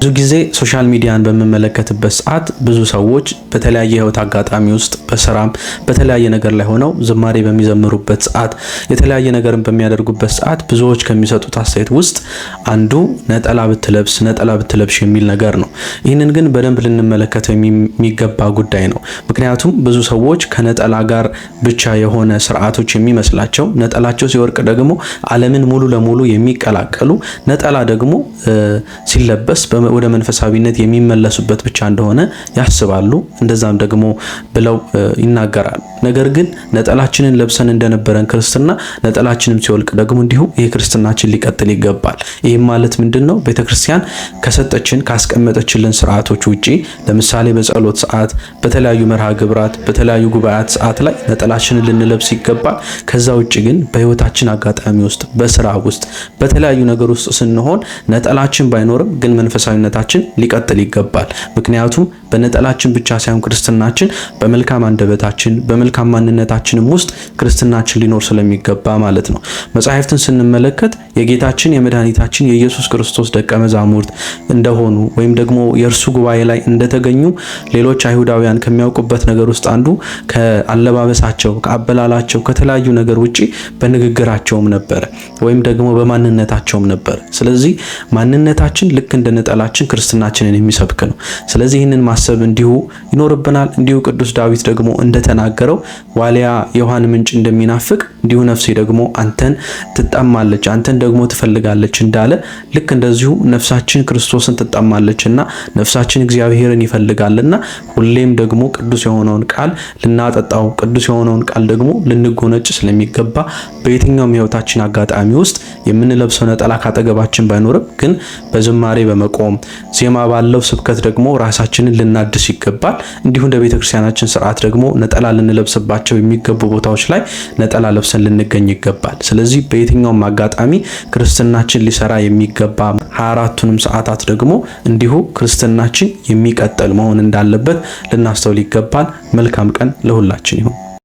ብዙ ጊዜ ሶሻል ሚዲያን በምመለከትበት ሰዓት ብዙ ሰዎች በተለያየ የህይወት አጋጣሚ ውስጥ በስራም በተለያየ ነገር ላይ ሆነው ዝማሬ በሚዘምሩበት ሰዓት የተለያየ ነገርን በሚያደርጉበት ሰዓት ብዙዎች ከሚሰጡት አስተያየት ውስጥ አንዱ ነጠላ ብትለብስ ነጠላ ብትለብሽ የሚል ነገር ነው። ይህንን ግን በደንብ ልንመለከተው የሚገባ ጉዳይ ነው። ምክንያቱም ብዙ ሰዎች ከነጠላ ጋር ብቻ የሆነ ስርዓቶች የሚመስላቸው ነጠላቸው ሲወርቅ ደግሞ ዓለምን ሙሉ ለሙሉ የሚቀላቀሉ ነጠላ ደግሞ ሲለበስ ወደ መንፈሳዊነት የሚመለሱበት ብቻ እንደሆነ ያስባሉ። እንደዛም ደግሞ ብለው ይናገራሉ። ነገር ግን ነጠላችንን ለብሰን እንደነበረን ክርስትና ነጠላችንም ሲወልቅ ደግሞ እንዲሁ ይህ ክርስትናችን ሊቀጥል ይገባል። ይህም ማለት ምንድን ነው? ቤተክርስቲያን ከሰጠችን ካስቀመጠችልን ስርዓቶች ውጪ ለምሳሌ በጸሎት ሰዓት፣ በተለያዩ መርሃ ግብራት፣ በተለያዩ ጉባኤያት ሰዓት ላይ ነጠላችንን ልንለብስ ይገባል። ከዛ ውጭ ግን በህይወታችን አጋጣሚ ውስጥ፣ በስራ ውስጥ፣ በተለያዩ ነገር ውስጥ ስንሆን ነጠላችን ባይኖርም ግን መንፈሳዊ ክርስቲያንነታችን ሊቀጥል ይገባል። ምክንያቱም በነጠላችን ብቻ ሳይሆን ክርስትናችን በመልካም አንደበታችን በመልካም ማንነታችንም ውስጥ ክርስትናችን ሊኖር ስለሚገባ ማለት ነው። መጻሕፍትን ስንመለከት የጌታችን የመድኃኒታችን የኢየሱስ ክርስቶስ ደቀ መዛሙርት እንደሆኑ ወይም ደግሞ የእርሱ ጉባኤ ላይ እንደተገኙ ሌሎች አይሁዳውያን ከሚያውቁበት ነገር ውስጥ አንዱ ከአለባበሳቸው፣ ከአበላላቸው፣ ከተለያዩ ነገር ውጪ በንግግራቸውም ነበረ ወይም ደግሞ በማንነታቸውም ነበር። ስለዚህ ማንነታችን ልክ እንደ ነጠላ ወንጌላችን ክርስትናችንን የሚሰብክ ነው። ስለዚህ ይህንን ማሰብ እንዲሁ ይኖርብናል። እንዲሁ ቅዱስ ዳዊት ደግሞ እንደተናገረው ዋሊያ የውሃን ምንጭ እንደሚናፍቅ እንዲሁ ነፍሴ ደግሞ አንተን ትጣማለች፣ አንተን ደግሞ ትፈልጋለች እንዳለ ልክ እንደዚሁ ነፍሳችን ክርስቶስን ትጣማለች እና ነፍሳችን እግዚአብሔርን ይፈልጋልና ሁሌም ደግሞ ቅዱስ የሆነውን ቃል ልናጠጣው ቅዱስ የሆነውን ቃል ደግሞ ልንጎነጭ ስለሚገባ በየትኛውም የሕይወታችን አጋጣሚ ውስጥ የምንለብሰው ነጠላ ካጠገባችን ባይኖርም ግን በዝማሬ በመቆም ዜማ ባለው ስብከት ደግሞ ራሳችንን ልናድስ ይገባል። እንዲሁ እንደ ቤተክርስቲያናችን ስርዓት ደግሞ ነጠላ ልንለብስባቸው የሚገቡ ቦታዎች ላይ ነጠላ ለብሰን ልንገኝ ይገባል። ስለዚህ በየትኛውም አጋጣሚ ክርስትናችን ሊሰራ የሚገባ 24ቱንም ሰዓታት ደግሞ እንዲሁ ክርስትናችን የሚቀጥል መሆን እንዳለበት ልናስተውል ይገባል። መልካም ቀን ለሁላችን ይሁን።